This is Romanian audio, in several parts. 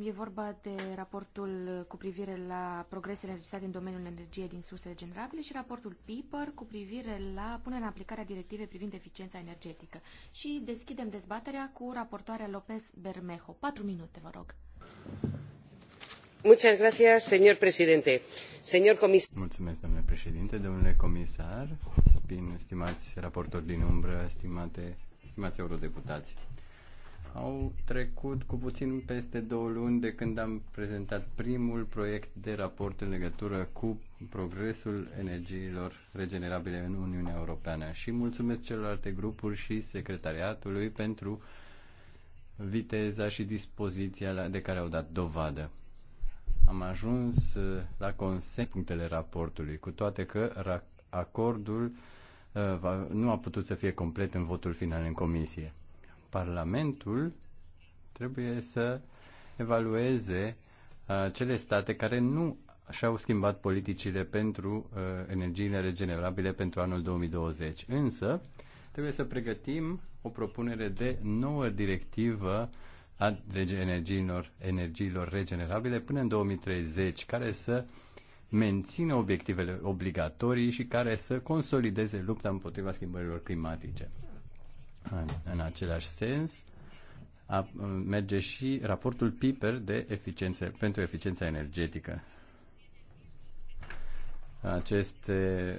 E vorba de raportul cu privire la progresele registrate în domeniul energiei din surse regenerabile și raportul PIPER cu privire la punerea în aplicare a directivei privind eficiența energetică. Și deschidem dezbaterea cu raportoarea López Bermejo. Patru minute, vă rog. Muchas gracias, señor presidente. Señor comisar. Mulțumesc, domnule președinte, domnule comisar, spin, stimați raportori din umbră, stimate, stimați eurodeputați. Au trecut cu puțin peste două luni de când am prezentat primul proiect de raport în legătură cu progresul energiilor regenerabile în Uniunea Europeană și mulțumesc celorlalte grupuri și secretariatului pentru viteza și dispoziția de care au dat dovadă. Am ajuns uh, la consens punctele raportului, cu toate că acordul uh, nu a putut să fie complet în votul final în comisie. Parlamentul trebuie să evalueze uh, cele state care nu și-au schimbat politicile pentru uh, energiile regenerabile pentru anul 2020. Însă, trebuie să pregătim o propunere de nouă directivă a energiilor, energiilor regenerabile până în 2030, care să mențină obiectivele obligatorii și care să consolideze lupta împotriva schimbărilor climatice. În, în același sens, a, merge și raportul PIPER de eficiență, pentru eficiența energetică. Aceste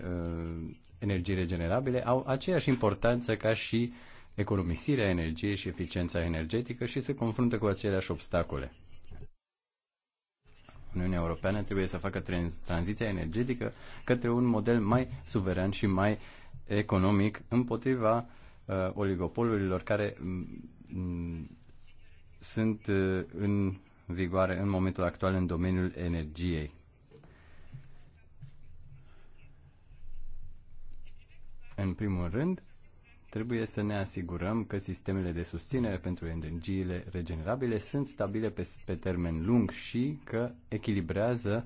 uh, energii regenerabile au aceeași importanță ca și economisirea energiei și eficiența energetică și se confruntă cu aceleași obstacole. Uniunea Europeană trebuie să facă tranziția energetică către un model mai suveran și mai economic împotriva uh, oligopolurilor care mm, mm, sunt uh, în vigoare în momentul actual în domeniul energiei. În primul rând, trebuie să ne asigurăm că sistemele de susținere pentru energiile regenerabile sunt stabile pe, pe termen lung și că echilibrează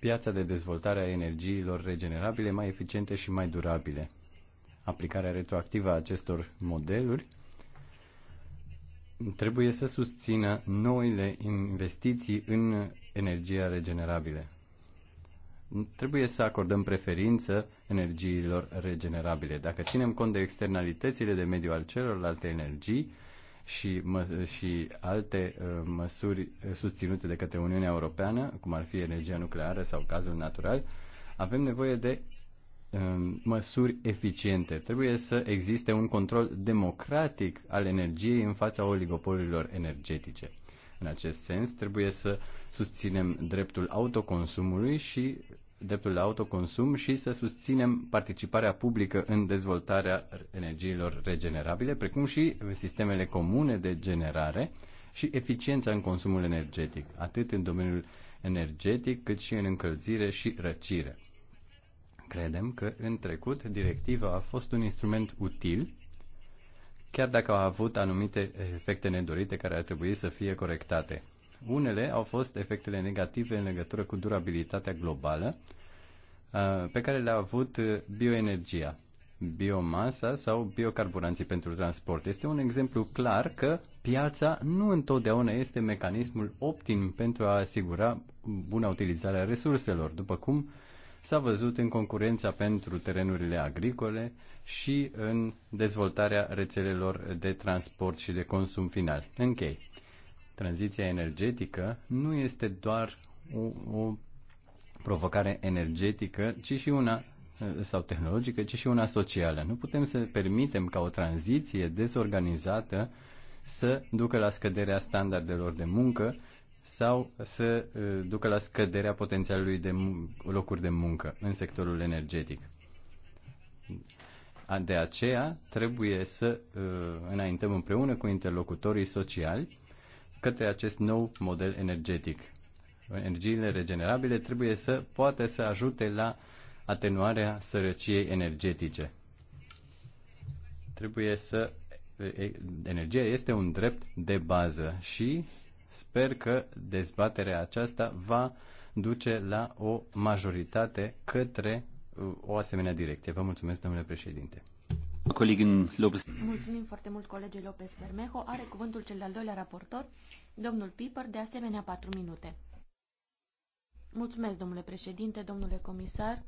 piața de dezvoltare a energiilor regenerabile mai eficiente și mai durabile aplicarea retroactivă a acestor modeluri trebuie să susțină noile investiții în energia regenerabile. Trebuie să acordăm preferință energiilor regenerabile. Dacă ținem cont de externalitățile de mediu al celorlalte energii și, mă, și alte uh, măsuri susținute de către Uniunea Europeană, cum ar fi energia nucleară sau gazul natural, avem nevoie de Um, măsuri eficiente. Trebuie să existe un control democratic al energiei în fața oligopolilor energetice. În acest sens, trebuie să susținem dreptul autoconsumului și dreptul la autoconsum și să susținem participarea publică în dezvoltarea energiilor regenerabile, precum și sistemele comune de generare și eficiența în consumul energetic, atât în domeniul energetic, cât și în încălzire și răcire. Credem că în trecut directiva a fost un instrument util, chiar dacă a avut anumite efecte nedorite care ar trebui să fie corectate. Unele au fost efectele negative în legătură cu durabilitatea globală uh, pe care le-a avut bioenergia, biomasa sau biocarburanții pentru transport. Este un exemplu clar că piața nu întotdeauna este mecanismul optim pentru a asigura buna utilizare a resurselor, după cum uh, s-a văzut în concurența pentru terenurile agricole și în dezvoltarea rețelelor de transport și de consum final. Închei. Tranziția energetică nu este doar o, o provocare energetică, ci și una eh, sau tehnologică, ci și una socială. Nu putem să permitem ca o tranziție dezorganizată să ducă la scăderea standardelor de muncă sau să uh, ducă la scăderea potențialului de locuri de muncă în sectorul energetic. De aceea trebuie să uh, înaintăm împreună cu interlocutorii sociali către acest nou model energetic. Energiile regenerabile trebuie să poată să ajute la atenuarea sărăciei energetice. Trebuie să uh, energia este un drept de bază și Sper că dezbaterea aceasta va duce la o majoritate către uh, o asemenea direcție. Vă mulțumesc, domnule președinte. Mulțumim foarte mult colegii Lopez Bermejo. Are cuvântul cel de-al doilea raportor, domnul Piper, de asemenea patru minute. Mulțumesc, domnule președinte, domnule comisar.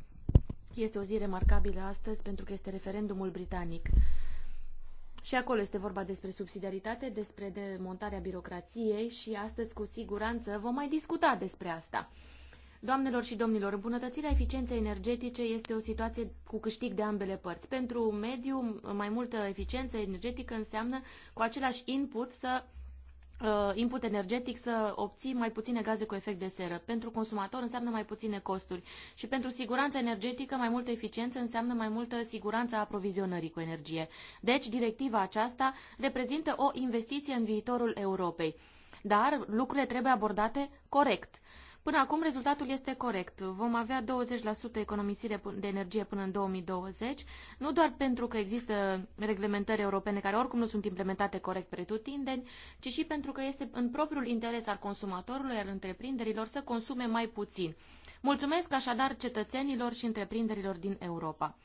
Este o zi remarcabilă astăzi pentru că este referendumul britanic. Și acolo este vorba despre subsidiaritate, despre demontarea birocrației și astăzi cu siguranță vom mai discuta despre asta. Doamnelor și domnilor, îmbunătățirea eficienței energetice este o situație cu câștig de ambele părți. Pentru mediu, mai multă eficiență energetică înseamnă cu același input să Uh, input energetic să obții mai puține gaze cu efect de seră. Pentru consumator înseamnă mai puține costuri și pentru siguranța energetică mai multă eficiență înseamnă mai multă siguranță a aprovizionării cu energie. Deci, directiva aceasta reprezintă o investiție în viitorul Europei. Dar lucrurile trebuie abordate corect. Până acum rezultatul este corect. Vom avea 20% economisire de energie până în 2020, nu doar pentru că există reglementări europene care oricum nu sunt implementate corect pretutindeni, ci și pentru că este în propriul interes al consumatorului, al întreprinderilor să consume mai puțin. Mulțumesc așadar cetățenilor și întreprinderilor din Europa.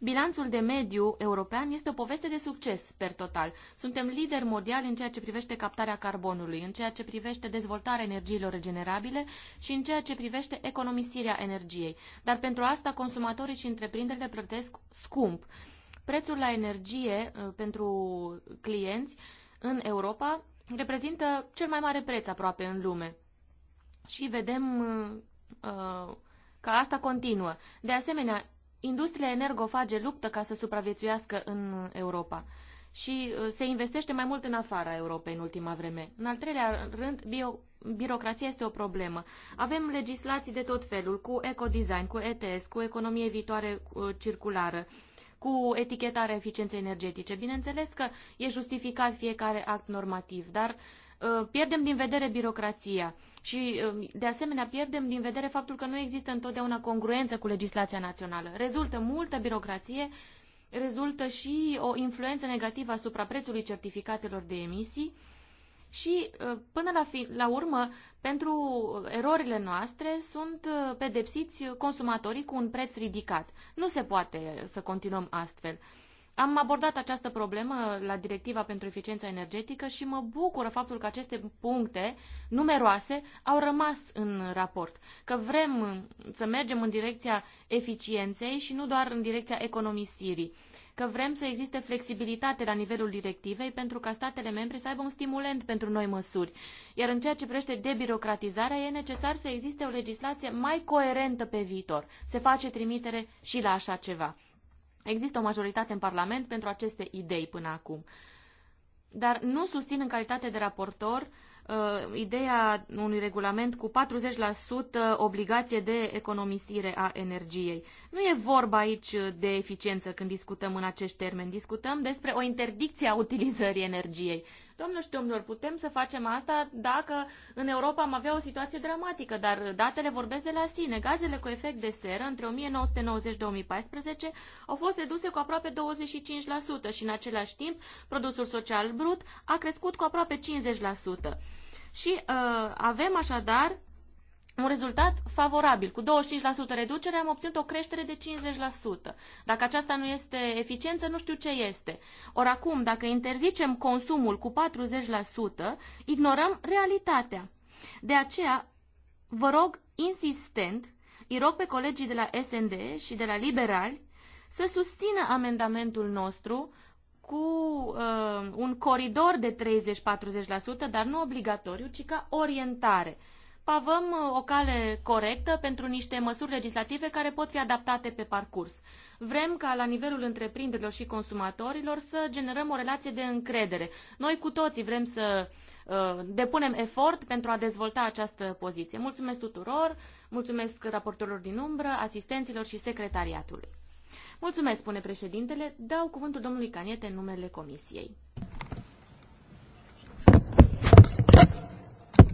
Bilanțul de mediu european este o poveste de succes per total. Suntem lideri mondiali în ceea ce privește captarea carbonului, în ceea ce privește dezvoltarea energiilor regenerabile și în ceea ce privește economisirea energiei. Dar pentru asta consumatorii și întreprinderile plătesc scump. Prețul la energie uh, pentru clienți în Europa reprezintă cel mai mare preț aproape în lume. Și vedem uh, uh că asta continuă. De asemenea, industria energofage luptă ca să supraviețuiască în Europa și uh, se investește mai mult în afara Europei în ultima vreme. În al treilea rând, bio, birocrația este o problemă. Avem legislații de tot felul, cu ecodesign, cu ETS, cu economie viitoare uh, circulară, cu etichetarea eficienței energetice. Bineînțeles că e justificat fiecare act normativ, dar uh, Uh, pierdem din vedere birocrația și, um, de asemenea, pierdem din vedere faptul că nu există întotdeauna congruență cu legislația națională. Rezultă multă birocrație, rezultă și o influență negativă asupra prețului certificatelor de emisii și, uh, până la, fi, la urmă, pentru erorile noastre sunt uh, pedepsiți consumatorii cu un preț ridicat. Nu se poate să continuăm astfel. Am abordat această problemă la Directiva pentru Eficiența Energetică și mă bucură faptul că aceste puncte numeroase au rămas în raport, că vrem să mergem în direcția eficienței și nu doar în direcția economisirii, că vrem să existe flexibilitate la nivelul directivei pentru ca statele membre să aibă un stimulent pentru noi măsuri. Iar în ceea ce privește debirocratizarea, e necesar să existe o legislație mai coerentă pe viitor. Se face trimitere și la așa ceva. Există o majoritate în Parlament pentru aceste idei până acum. Dar nu susțin în calitate de raportor uh, ideea unui regulament cu 40% obligație de economisire a energiei. Nu e vorba aici de eficiență când discutăm în acești termeni. Discutăm despre o interdicție a utilizării energiei. Domnul și domnilor, putem să facem asta dacă în Europa am avea o situație dramatică, dar datele vorbesc de la sine. Gazele cu efect de seră între 1990-2014 au fost reduse cu aproape 25% și în același timp produsul social brut a crescut cu aproape 50%. Și uh, avem așadar un rezultat favorabil. Cu 25% reducere am obținut o creștere de 50%. Dacă aceasta nu este eficiență, nu știu ce este. Ori acum, dacă interzicem consumul cu 40%, ignorăm realitatea. De aceea, vă rog insistent, îi rog pe colegii de la SND și de la Liberali să susțină amendamentul nostru cu uh, un coridor de 30-40%, dar nu obligatoriu, ci ca orientare pavăm uh, o cale corectă pentru niște măsuri legislative care pot fi adaptate pe parcurs. Vrem ca la nivelul întreprinderilor și consumatorilor să generăm o relație de încredere. Noi cu toții vrem să uh, depunem efort pentru a dezvolta această poziție. Mulțumesc tuturor, mulțumesc raportorilor din umbră, asistenților și secretariatului. Mulțumesc, spune președintele. Dau cuvântul domnului Caniete în numele comisiei.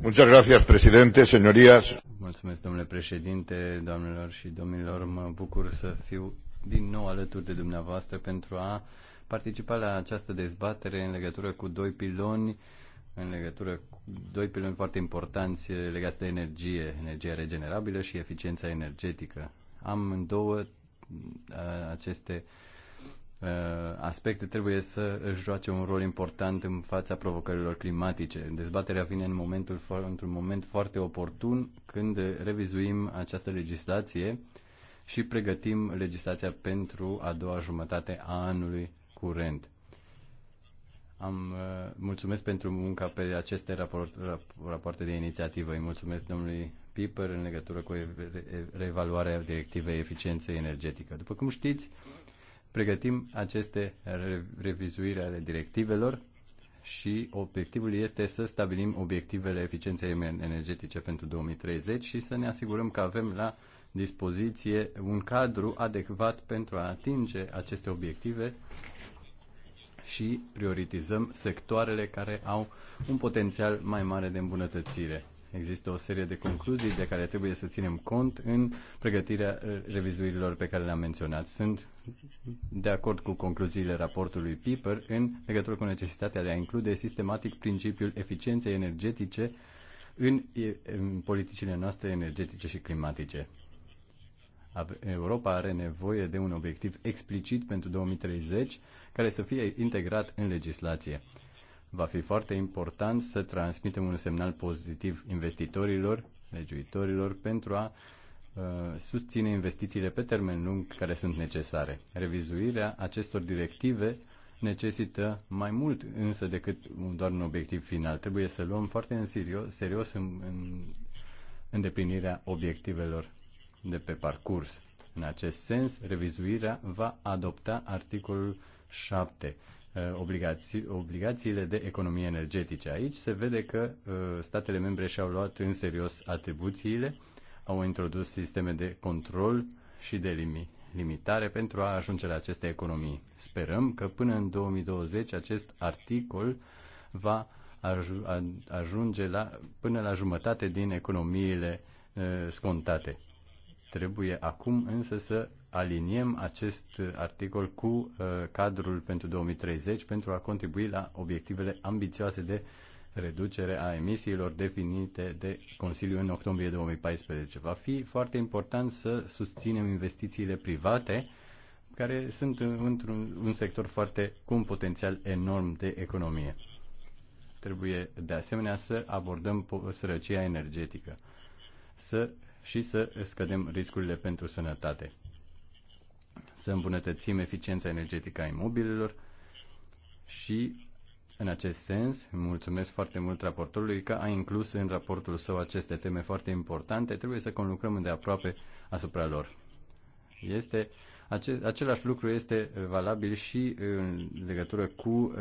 Muchas gracias, presidente, señorías. Mulțumesc, domnule președinte, doamnelor și domnilor. Mă bucur să fiu din nou alături de dumneavoastră pentru a participa la această dezbatere în legătură cu doi piloni în legătură cu doi piloni foarte importanți legați de energie, energia regenerabilă și eficiența energetică. Am în două aceste uh, Uh, aspecte trebuie să își joace un rol important în fața provocărilor climatice. Dezbaterea vine în momentul, într-un moment foarte oportun când revizuim această legislație și pregătim legislația pentru a doua jumătate a anului curent. Am uh, mulțumesc pentru munca pe aceste raport, rap, rapoarte de inițiativă. Îi mulțumesc domnului Piper în legătură cu reevaluarea directivei eficienței energetică. După cum știți, pregătim aceste revizuiri ale directivelor și obiectivul este să stabilim obiectivele eficienței energetice pentru 2030 și să ne asigurăm că avem la dispoziție un cadru adecvat pentru a atinge aceste obiective și prioritizăm sectoarele care au un potențial mai mare de îmbunătățire. Există o serie de concluzii de care trebuie să ținem cont în pregătirea revizuirilor pe care le-am menționat. Sunt de acord cu concluziile raportului Piper în legătură cu necesitatea de a include sistematic principiul eficienței energetice în, în politicile noastre energetice și climatice. Europa are nevoie de un obiectiv explicit pentru 2030 care să fie integrat în legislație. Va fi foarte important să transmitem un semnal pozitiv investitorilor, legiuitorilor pentru a Uh, susține investițiile pe termen lung care sunt necesare. Revizuirea acestor directive necesită mai mult însă decât doar un obiectiv final. Trebuie să luăm foarte în serios, serios în, în îndeplinirea obiectivelor de pe parcurs. În acest sens, revizuirea va adopta articolul 7, uh, obligații, obligațiile de economie energetice. Aici se vede că uh, statele membre și-au luat în serios atribuțiile au introdus sisteme de control și de limitare pentru a ajunge la aceste economii. Sperăm că până în 2020 acest articol va ajunge la, până la jumătate din economiile scontate. Trebuie acum însă să aliniem acest articol cu cadrul pentru 2030 pentru a contribui la obiectivele ambițioase de reducere a emisiilor definite de Consiliu în octombrie 2014. Va fi foarte important să susținem investițiile private care sunt într-un un sector foarte cu un potențial enorm de economie. Trebuie de asemenea să abordăm sărăcia energetică să, și să scădem riscurile pentru sănătate. Să îmbunătățim eficiența energetică a imobililor și în acest sens, mulțumesc foarte mult raportorului că a inclus în raportul său aceste teme foarte importante. Trebuie să conlucrăm îndeaproape asupra lor. Este acest, același lucru este valabil și în legătură cu uh,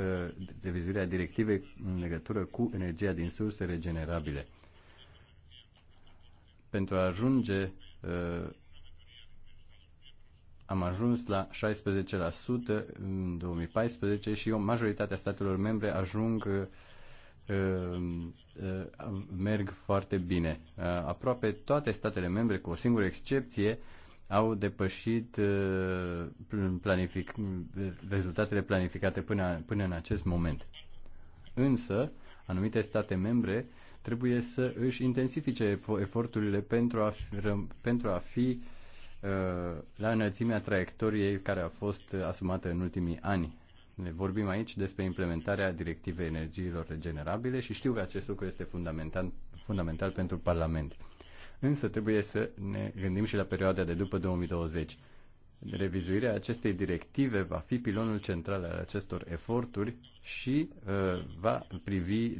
revizuirea directivei în legătură cu energia din surse regenerabile. Pentru a ajunge uh, am ajuns la 16% în 2014 și majoritatea statelor membre ajung uh, uh, merg foarte bine. Uh, aproape toate statele membre, cu o singură excepție, au depășit planific, rezultatele planificate până, până în acest moment. Însă, anumite state membre trebuie să își intensifice eforturile pentru a, pentru a fi uh, Uh, la înălțimea traiectoriei care a fost asumată în ultimii ani. Ne vorbim aici despre implementarea directivei energiilor regenerabile și știu că acest lucru este fundamental, fundamental pentru Parlament. Însă trebuie să ne gândim și la perioada de după 2020. Revizuirea acestei directive va fi pilonul central al acestor eforturi și uh, va privi uh,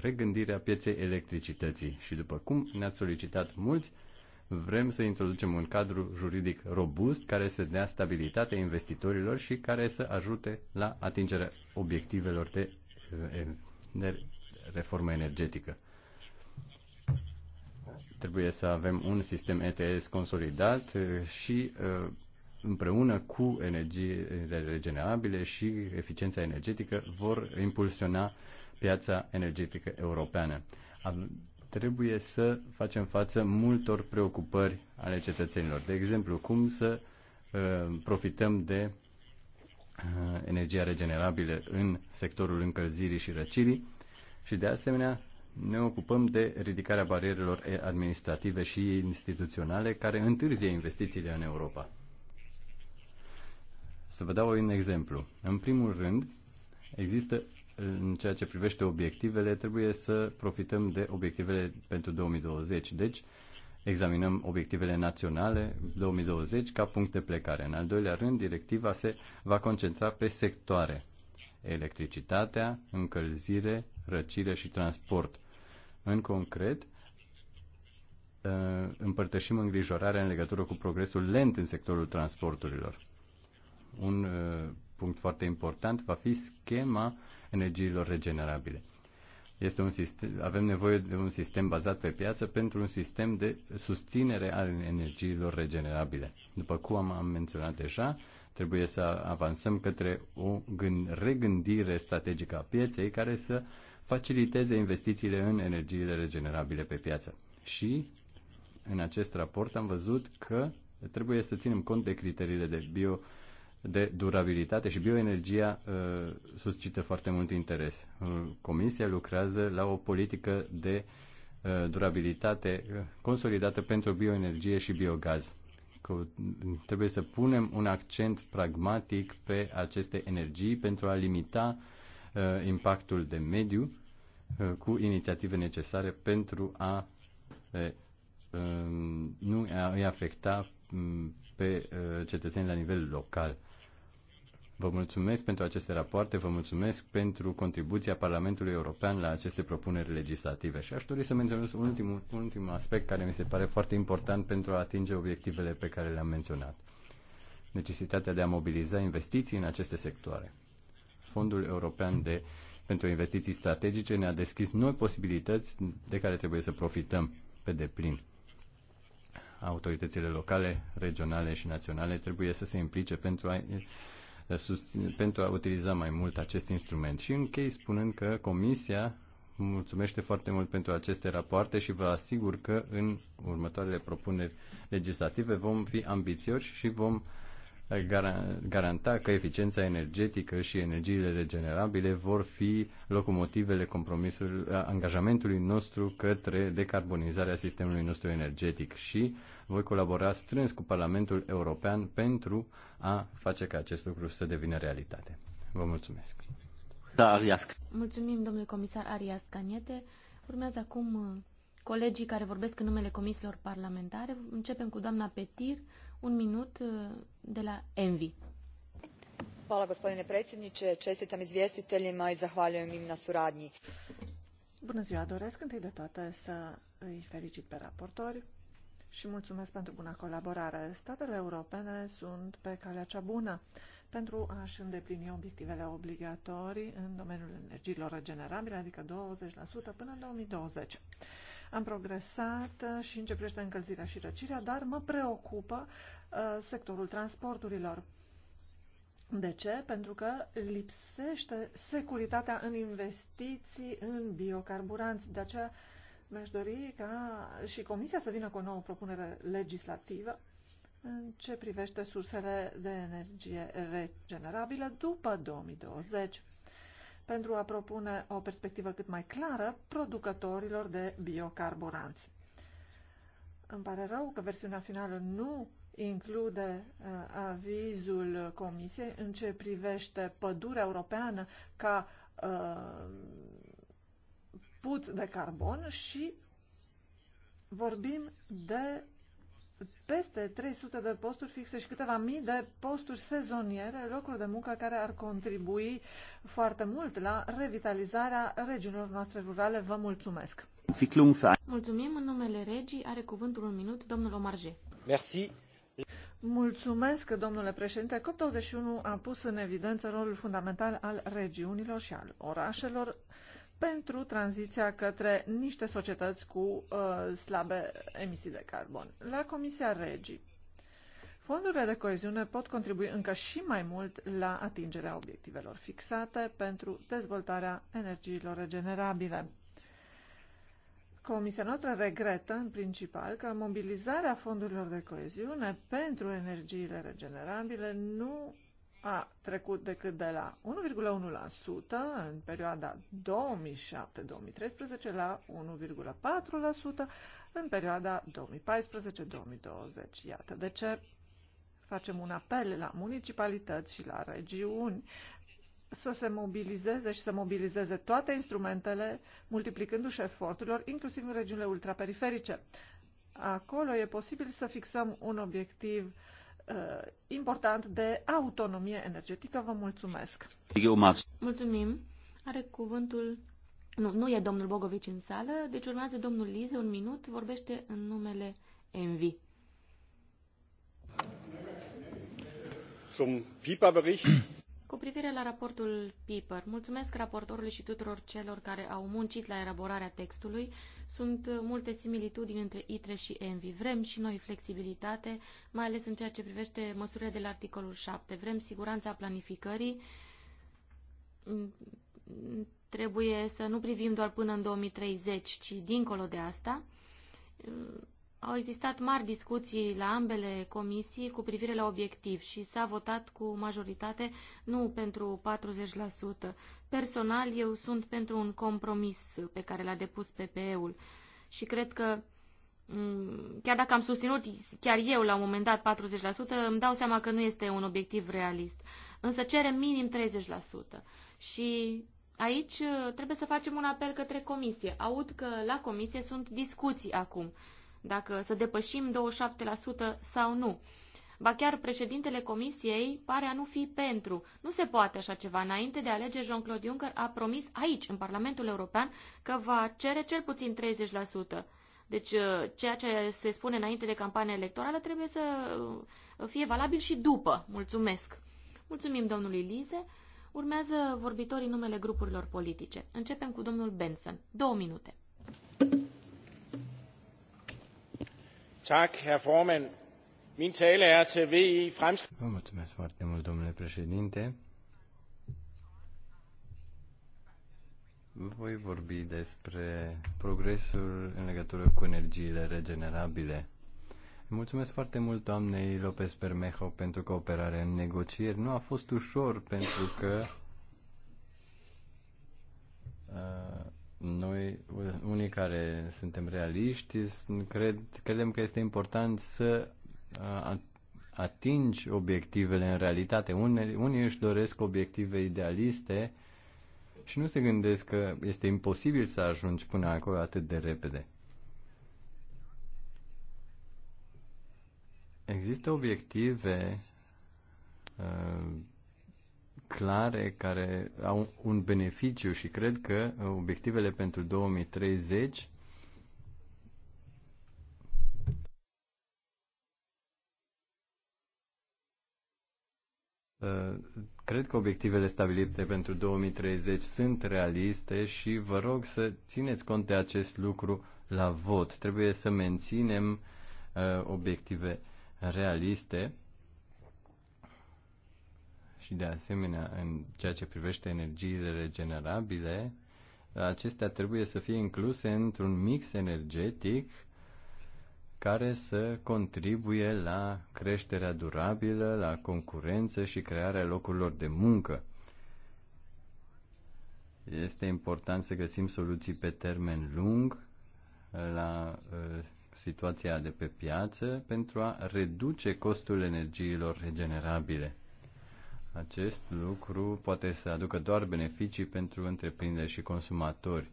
regândirea pieței electricității. Și după cum ne-ați solicitat mulți, uh, Vrem să introducem un cadru juridic robust care să dea stabilitate investitorilor și care să ajute la atingerea obiectivelor de, eh, de reformă energetică. Trebuie să avem un sistem ETS consolidat eh, și eh, împreună cu energiile regenerabile și eficiența energetică vor impulsiona piața energetică europeană trebuie să facem față multor preocupări ale cetățenilor. De exemplu, cum să uh, profităm de uh, energia regenerabilă în sectorul încălzirii și răcirii și, de asemenea, ne ocupăm de ridicarea barierelor administrative și instituționale care întârzie investițiile în Europa. Să vă dau un exemplu. În primul rând, există în ceea ce privește obiectivele, trebuie să profităm de obiectivele pentru 2020. Deci, examinăm obiectivele naționale 2020 ca punct de plecare. În al doilea rând, directiva se va concentra pe sectoare. Electricitatea, încălzire, răcire și transport. În concret, ă, împărtășim îngrijorarea în legătură cu progresul lent în sectorul transporturilor. Un ă, punct foarte important va fi schema energiilor regenerabile. Este un sistem, avem nevoie de un sistem bazat pe piață pentru un sistem de susținere al energiilor regenerabile. După cum am, am menționat deja, trebuie să avansăm către o gând, regândire strategică a pieței care să faciliteze investițiile în energiile regenerabile pe piață. Și în acest raport am văzut că trebuie să ținem cont de criteriile de bio de durabilitate și bioenergia uh, suscită foarte mult interes. Uh, comisia lucrează la o politică de uh, durabilitate uh, consolidată pentru bioenergie și biogaz. Că trebuie să punem un accent pragmatic pe aceste energii pentru a limita uh, impactul de mediu uh, cu inițiative necesare pentru a uh, um, nu a, îi afecta mm, pe uh, cetățeni la nivel local. Vă mulțumesc pentru aceste rapoarte, vă mulțumesc pentru contribuția Parlamentului European la aceste propuneri legislative și aș dori să menționez un ultim, un ultim aspect care mi se pare foarte important pentru a atinge obiectivele pe care le-am menționat. Necesitatea de a mobiliza investiții în aceste sectoare. Fondul European de, pentru Investiții Strategice ne-a deschis noi posibilități de care trebuie să profităm pe deplin autoritățile locale, regionale și naționale trebuie să se implice pentru a susține, pentru a utiliza mai mult acest instrument. Și închei spunând că Comisia mulțumește foarte mult pentru aceste rapoarte și vă asigur că în următoarele propuneri legislative vom fi ambițioși și vom uh, garanta că eficiența energetică și energiile regenerabile vor fi locomotivele compromisului, angajamentului nostru către decarbonizarea sistemului nostru energetic și voi colabora strâns cu Parlamentul European pentru a face ca acest lucru să devină realitate. Vă mulțumesc. Da, Ariasc. Mulțumim, domnule comisar Arias Caniete. Urmează acum uh, colegii care vorbesc în numele comisiilor parlamentare. Începem cu doamna Petir, un minut uh, de la Envi. Hvala gospodine predsjedniče, čestitam izvjestiteljima i zahvaljujem im na suradnji. Bună ziua, doresc întâi de toate să îi felicit pe raportori și mulțumesc pentru buna colaborare. Statele europene sunt pe calea cea bună pentru a-și îndeplini obiectivele obligatorii în domeniul energiilor regenerabile, adică 20% până în 2020. Am progresat uh, și începește încălzirea și răcirea, dar mă preocupă uh, sectorul transporturilor. De ce? Pentru că lipsește securitatea în investiții în biocarburanți. De aceea mi-aș dori ca și Comisia să vină cu o nouă propunere legislativă în ce privește sursele de energie regenerabilă după 2020 pentru a propune o perspectivă cât mai clară producătorilor de biocarburanți. Îmi pare rău că versiunea finală nu include uh, avizul Comisiei în ce privește pădurea europeană ca uh, puț de carbon și vorbim de peste 300 de posturi fixe și câteva mii de posturi sezoniere, locuri de muncă care ar contribui foarte mult la revitalizarea regiunilor noastre rurale. Vă mulțumesc! Mulțumim în numele regii. Are cuvântul un minut domnul Omarje. Merci. Mulțumesc, domnule președinte. COP21 a pus în evidență rolul fundamental al regiunilor și al orașelor pentru tranziția către niște societăți cu uh, slabe emisii de carbon. La Comisia Regii, fondurile de coeziune pot contribui încă și mai mult la atingerea obiectivelor fixate pentru dezvoltarea energiilor regenerabile. Comisia noastră regretă, în principal, că mobilizarea fondurilor de coeziune pentru energiile regenerabile nu a trecut decât de la 1,1% în perioada 2007-2013 la 1,4% în perioada 2014-2020. Iată de ce facem un apel la municipalități și la regiuni să se mobilizeze și să mobilizeze toate instrumentele, multiplicându-și eforturilor, inclusiv în regiunile ultraperiferice. Acolo e posibil să fixăm un obiectiv uh, uh, important de autonomie energetică. Vă mulțumesc! Mulțumim! Are cuvântul... Nu, nu e domnul Bogovici în sală, deci urmează domnul Lize, un minut, vorbește în numele Envi. Zum PIPA-Bericht cu privire la raportul Piper, mulțumesc raportorului și tuturor celor care au muncit la elaborarea textului. Sunt multe similitudini între ITRE și ENVI. Vrem și noi flexibilitate, mai ales în ceea ce privește măsurile de la articolul 7. Vrem siguranța planificării. Trebuie să nu privim doar până în 2030, ci dincolo de asta au existat mari discuții la ambele comisii cu privire la obiectiv și s-a votat cu majoritate nu pentru 40%. Personal, eu sunt pentru un compromis pe care l-a depus PPE-ul și cred că mm, chiar dacă am susținut chiar eu la un moment dat 40%, îmi dau seama că nu este un obiectiv realist. Însă cerem minim 30%. Și aici uh, trebuie să facem un apel către comisie. Aud că la comisie sunt discuții acum dacă să depășim 27% sau nu. Ba chiar președintele comisiei pare a nu fi pentru. Nu se poate așa ceva. Înainte de alege, Jean-Claude Juncker a promis aici, în Parlamentul European, că va cere cel puțin 30%. Deci uh, ceea ce se spune înainte de campania electorală trebuie să uh, fie valabil și după. Mulțumesc. Mulțumim domnului Lize. Urmează vorbitorii numele grupurilor politice. Începem cu domnul Benson. Două minute. Tak, herr formand. Min tale er til VE Fremskridt. Vă mulțumesc foarte mult, domnule președinte. Voi vorbi despre progresul în legătură cu energiile regenerabile. Mulțumesc foarte mult doamnei Lopez Permejo, pentru cooperare în negocieri. Nu a fost ușor pentru că uh, noi, unii care suntem realiști, cred, credem că este important să uh, atingi obiectivele în realitate. Unii, unii își doresc obiective idealiste și nu se gândesc că este imposibil să ajungi până acolo atât de repede. Există obiective uh, clare care au un beneficiu și cred că uh, obiectivele pentru 2030 uh, Cred că obiectivele stabilite pentru 2030 sunt realiste și vă rog să țineți cont de acest lucru la vot. Trebuie să menținem uh, obiective realiste și de asemenea în ceea ce privește energiile regenerabile, acestea trebuie să fie incluse într-un mix energetic care să contribuie la creșterea durabilă, la concurență și crearea locurilor de muncă. Este important să găsim soluții pe termen lung uh, la uh, situația de pe piață pentru a reduce costul energiilor regenerabile. Acest lucru poate să aducă doar beneficii pentru întreprinderi și consumatori.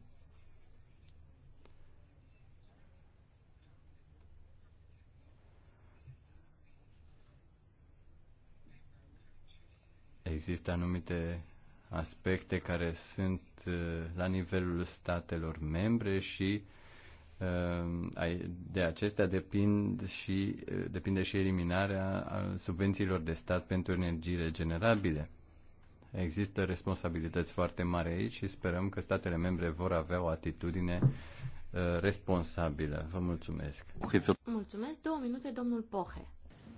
Există anumite aspecte care sunt eh, la nivelul statelor membre și uh, Ehm, de acestea depind și, depinde și eliminarea subvențiilor de stat pentru energii regenerabile. Există responsabilități foarte mari aici și sperăm că statele membre vor avea o atitudine responsabilă. Vă mulțumesc. Mulțumesc. Două minute, domnul Pohe.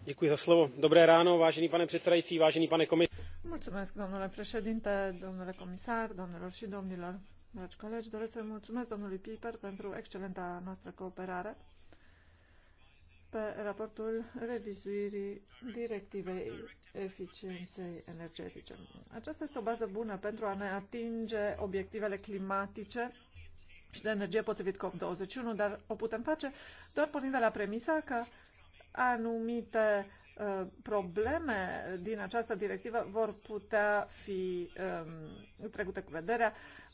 Děkuji za slovo. Dobré ráno, vážený pane předsedající, vážený pane komisar. Mulțumesc, domnule președinte, domnule comisar, domnilor și domnilor. Dragi colegi, doresc să mulțumesc domnului Piper pentru excelenta noastră cooperare pe raportul revizuirii directivei eficienței energetice. Aceasta este o bază bună pentru a ne atinge obiectivele climatice și de energie potrivit COP21, dar o putem face doar pornind de la premisa că anumite uh, probleme din această directivă vor putea fi um, trecute cu vederea. Uh,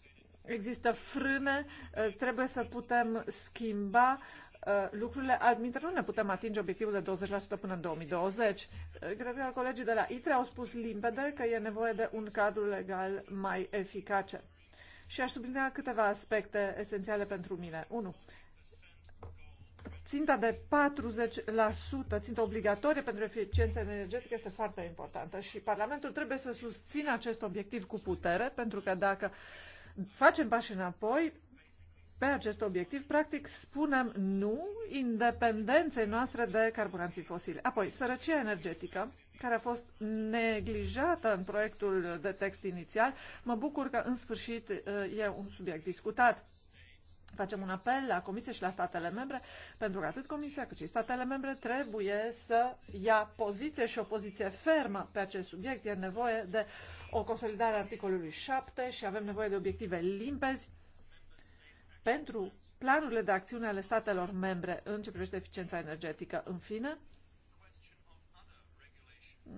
Există frâne, ă, trebuie să putem schimba ă, lucrurile. Admiter, nu ne putem atinge obiectivul de 20% până în 2020. Ă, cred că colegii de la ITRE au spus limpede că e nevoie de un cadru legal mai eficace. Și aș sublinea câteva aspecte esențiale pentru mine. 1 ținta de 40%, ținta obligatorie pentru eficiență energetică este foarte importantă și Parlamentul trebuie să susțină acest obiectiv cu putere, pentru că dacă facem pași înapoi pe acest obiectiv, practic spunem nu independenței noastre de carburanții fosili. Apoi, sărăcia energetică, care a fost neglijată în proiectul de text inițial. Mă bucur că, în sfârșit, e un subiect discutat. Facem un apel la Comisie și la statele membre, pentru că atât Comisia cât și statele membre trebuie să ia poziție și o poziție fermă pe acest subiect. E nevoie de o consolidare a articolului 7 și avem nevoie de obiective limpezi pentru planurile de acțiune ale statelor membre în ce privește eficiența energetică. În fine,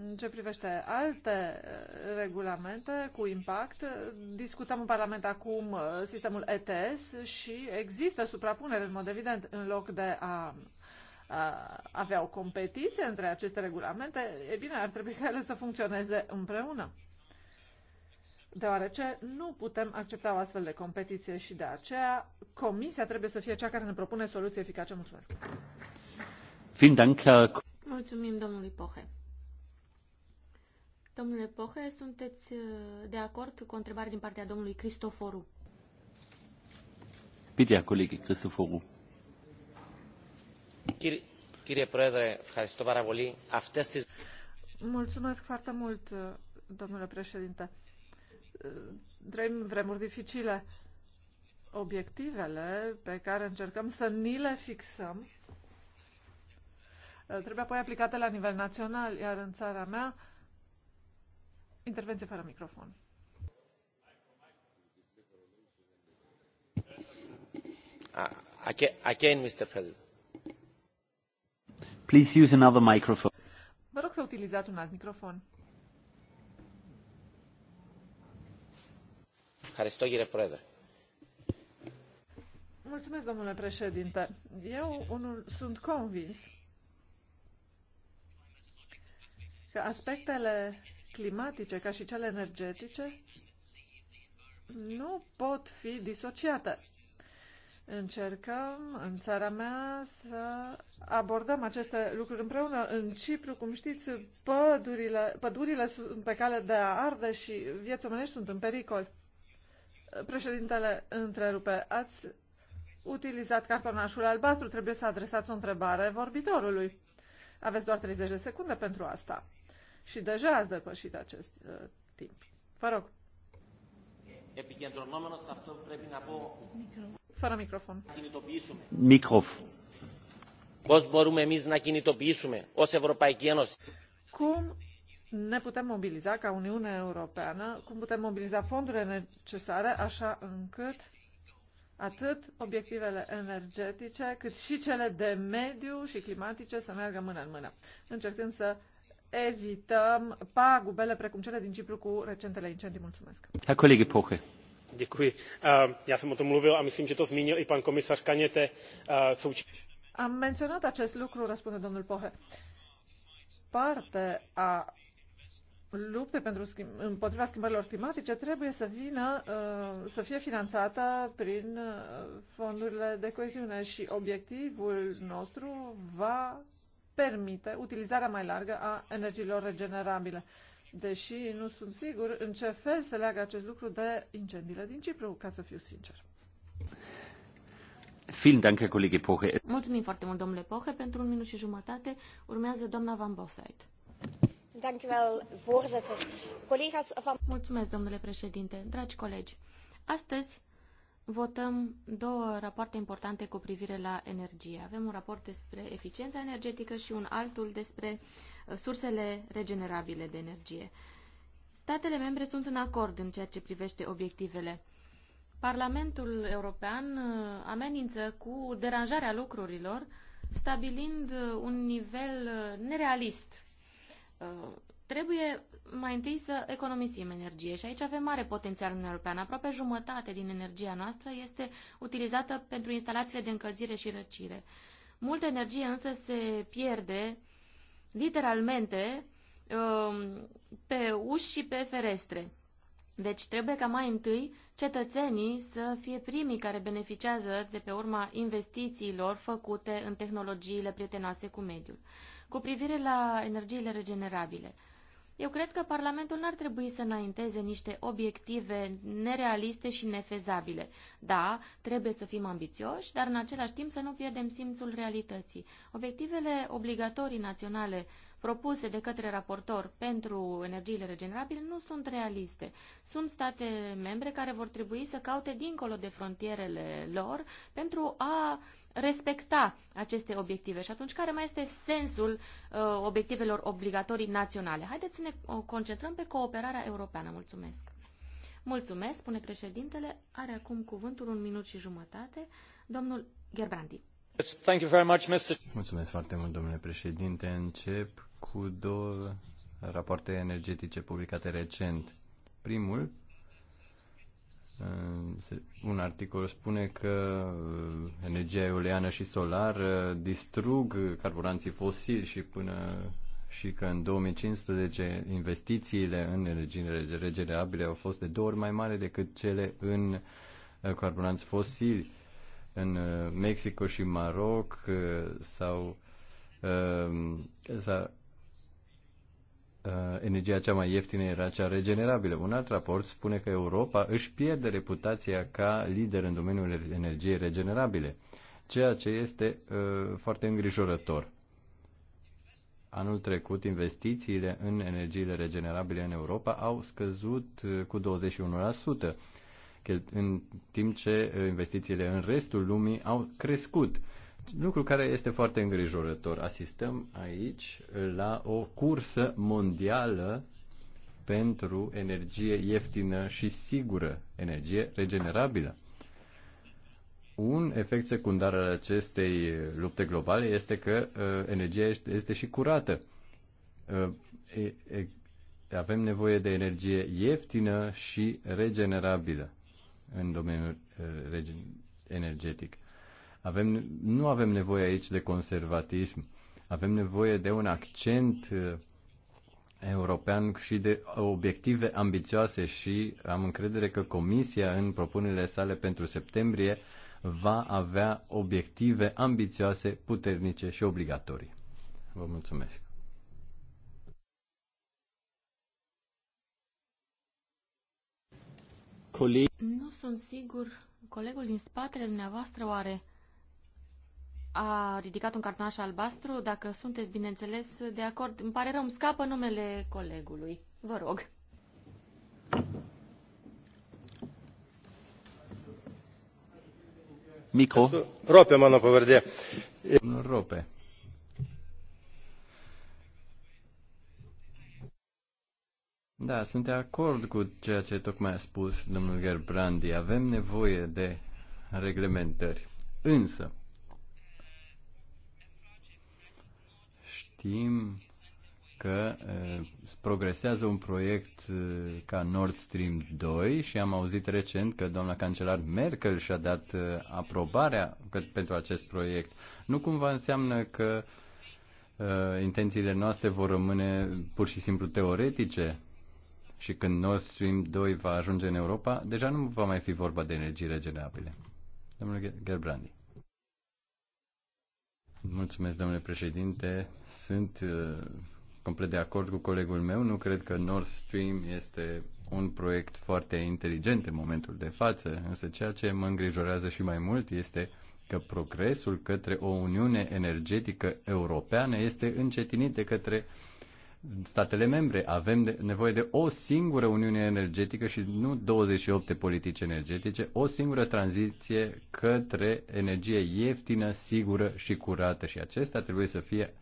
în ce privește alte uh, regulamente cu impact, discutăm în Parlament acum uh, sistemul ETS și există suprapunere, în mod evident, în loc de a, a avea o competiție între aceste regulamente, e bine, ar trebui ca ele să funcționeze împreună deoarece nu putem accepta o astfel de competiție și de aceea Comisia trebuie să fie cea care ne propune soluții eficace. Mulțumesc! Mulțumim, domnului Pohe. Domnule Pohe, sunteți uh, de acord cu o întrebare din partea domnului Cristoforu? Pitea, colegi Cristoforu. Κύριε Πρόεδρε, ευχαριστώ πάρα aftestis. Mulțumesc foarte mult, domnule președinte trăim vremuri dificile. Obiectivele pe care încercăm să ni le fixăm uh, trebuie apoi aplicate la nivel național, iar în țara mea, intervenție fără microfon. Uh, again, Mr. President. Please use another microphone. Vă rog să utilizați un alt microfon. domnule președinte. Eu unul sunt convins că aspectele climatice, ca și cele energetice, nu pot fi disociate. Încercăm în țara mea să abordăm aceste lucruri împreună. În Cipru, cum știți, pădurile, pădurile sunt pe cale de a arde și vieți omenești sunt în pericol. Președintele întrerupe. Ați utilizat cartonașul albastru, trebuie să adresați o întrebare vorbitorului. Aveți doar 30 de secunde pentru asta. Și deja ați depășit acest uh, timp. Vă rog. Fără microfon. Microfon. Cum ne putem mobiliza ca Uniune Europeană, cum putem mobiliza fondurile necesare, așa încât atât obiectivele energetice, cât și cele de mediu și climatice să meargă mână în mână, încercând să evităm pagubele precum cele din Cipru cu recentele incendii. Mulțumesc. Herr Kollege Poche. Děkuji. Já jsem o tom mluvil a myslím, že to zmínil i pan komisař Kaněte. Am menționat acest lucru, răspunde domnul Pohe. Parte a lupte pentru schimb, împotriva schimbărilor climatice trebuie să vină, uh, să fie finanțată prin uh, fondurile de coeziune și obiectivul nostru va permite utilizarea mai largă a energiilor regenerabile. Deși nu sunt sigur în ce fel se leagă acest lucru de incendiile din Cipru, ca să fiu sincer. Mulțumim foarte mult, domnule Poche, pentru un minut și jumătate. Urmează doamna Van Bosait. Mulțumesc, domnule președinte. Dragi colegi, astăzi votăm două rapoarte importante cu privire la energie. Avem un raport despre eficiența energetică și un altul despre uh, sursele regenerabile de energie. Statele membre sunt în acord în ceea ce privește obiectivele. Parlamentul European uh, amenință cu deranjarea lucrurilor, stabilind uh, un nivel nerealist Uh, trebuie mai întâi să economisim energie și aici avem mare potențial în European. Aproape jumătate din energia noastră este utilizată pentru instalațiile de încălzire și răcire. Multă energie însă se pierde literalmente um, pe uși și pe ferestre. Deci trebuie ca mai întâi cetățenii să fie primii care beneficiază de pe urma investițiilor făcute în tehnologiile prietenoase cu mediul cu privire la energiile regenerabile. Eu cred că Parlamentul n-ar trebui să înainteze niște obiective nerealiste și nefezabile. Da, trebuie să fim ambițioși, dar în același timp să nu pierdem simțul realității. Obiectivele obligatorii naționale propuse de către raportor pentru energiile regenerabile nu sunt realiste. Sunt state membre care vor trebui să caute dincolo de frontierele lor pentru a respecta aceste obiective. Și atunci, care mai este sensul uh, obiectivelor obligatorii naționale? Haideți să ne uh, concentrăm pe cooperarea europeană. Mulțumesc! Mulțumesc, spune președintele. Are acum cuvântul un minut și jumătate. Domnul Gerbrandi. Mulțumesc foarte mult, domnule președinte. Încep cu două rapoarte energetice publicate recent. Primul, un articol spune că uh, energia eoliană și solară distrug carburanții fosili și până și că în 2015 investițiile în energie regenerabile au fost de două ori mai mari decât cele în uh, carburanți fosili. În uh, Mexico și Maroc sau s Uh, energia cea mai ieftină era cea regenerabilă. Un alt raport spune că Europa își pierde reputația ca lider în domeniul energiei regenerabile, ceea ce este uh, foarte îngrijorător. Anul trecut, investițiile în energiile regenerabile în Europa au scăzut uh, cu 21%, în timp ce uh, investițiile în restul lumii au crescut. Lucru care este foarte îngrijorător. Asistăm aici la o cursă mondială pentru energie ieftină și sigură, energie regenerabilă. Un efect secundar al acestei lupte globale este că uh, energia este, și curată. Uh, e, e, avem nevoie de energie ieftină și regenerabilă în domeniul uh, energetic. Avem, nu avem nevoie aici de conservatism. Avem nevoie de un accent uh, european și de obiective ambițioase și am încredere că Comisia în propunerile sale pentru septembrie va avea obiective ambițioase, puternice și obligatorii. Vă mulțumesc! Coleg... Nu sunt sigur. Colegul din spatele dumneavoastră oare a ridicat un cartonaș albastru. Dacă sunteți, bineînțeles, de acord. Îmi pare rău, îmi scapă numele colegului. Vă rog. Mico. Rope, mano, pe verde. Rope. Da, sunt de acord cu ceea ce tocmai a spus domnul Gerbrandi. Avem nevoie de reglementări. Însă, știm că progresează un proiect ca Nord Stream 2 și am auzit recent că doamna cancelar Merkel și-a dat aprobarea pentru acest proiect. Nu cumva înseamnă că intențiile noastre vor rămâne pur și simplu teoretice și când Nord Stream 2 va ajunge în Europa, deja nu va mai fi vorba de energii regenerabile. Domnule Gerbrandi. Mulțumesc, domnule președinte. Sunt uh, complet de acord cu colegul meu. Nu cred că Nord Stream este un proiect foarte inteligent în momentul de față, însă ceea ce mă îngrijorează și mai mult este că progresul către o uniune energetică europeană este încetinit de către statele membre. Avem de, nevoie de o singură Uniune energetică și nu 28 politici energetice, o singură tranziție către energie ieftină, sigură și curată. Și acesta trebuie să fie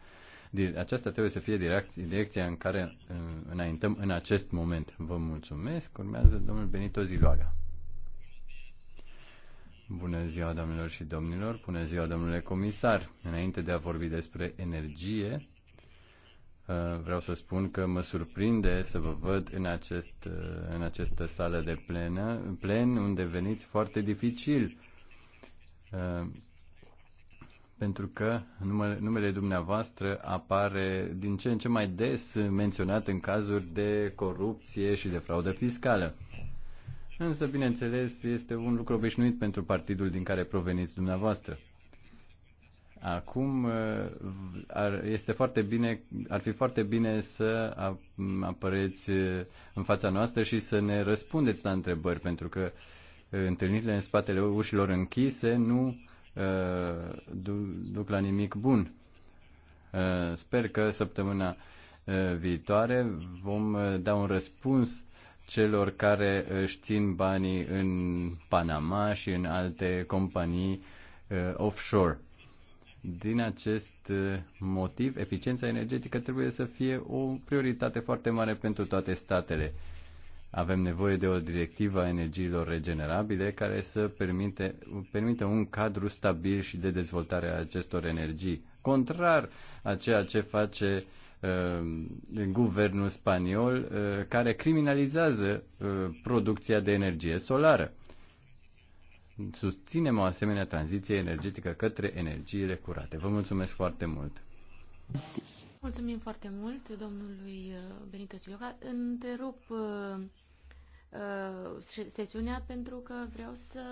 aceasta trebuie să fie direcția, direcția în care uh, înaintăm în acest moment. Vă mulțumesc. Urmează domnul Benito Ziloaga. Bună ziua, doamnelor și domnilor. Bună ziua, domnule comisar. Înainte de a vorbi despre energie, Uh, vreau să spun că mă surprinde să vă văd în, acest, uh, în această sală de plenă, plen, unde veniți foarte dificil. Uh, pentru că numele, dumneavoastră apare din ce în ce mai des menționat în cazuri de corupție și de fraudă fiscală. Însă, bineînțeles, este un lucru obișnuit pentru partidul din care proveniți dumneavoastră. Acum uh, ar, este foarte bine, ar fi foarte bine să apăreți uh, în fața noastră și să ne răspundeți la întrebări, pentru că uh, întâlnirile în spatele ușilor închise nu uh, duc la nimic bun. Uh, sper că săptămâna viitoare vom da un răspuns celor care își țin banii în Panama și în alte companii uh, offshore din acest uh, motiv, eficiența energetică trebuie să fie o prioritate foarte mare pentru toate statele. Avem nevoie de o directivă a energiilor regenerabile care să permite, permite un cadru stabil și de dezvoltare a acestor energii, contrar a ceea ce face uh, guvernul spaniol uh, care criminalizează uh, producția de energie solară susținem o asemenea tranziție energetică către energiile curate. Vă mulțumesc foarte mult! Mulțumim foarte mult domnului uh, Benito Siloca. Întrerup uh, uh, sesiunea pentru că vreau să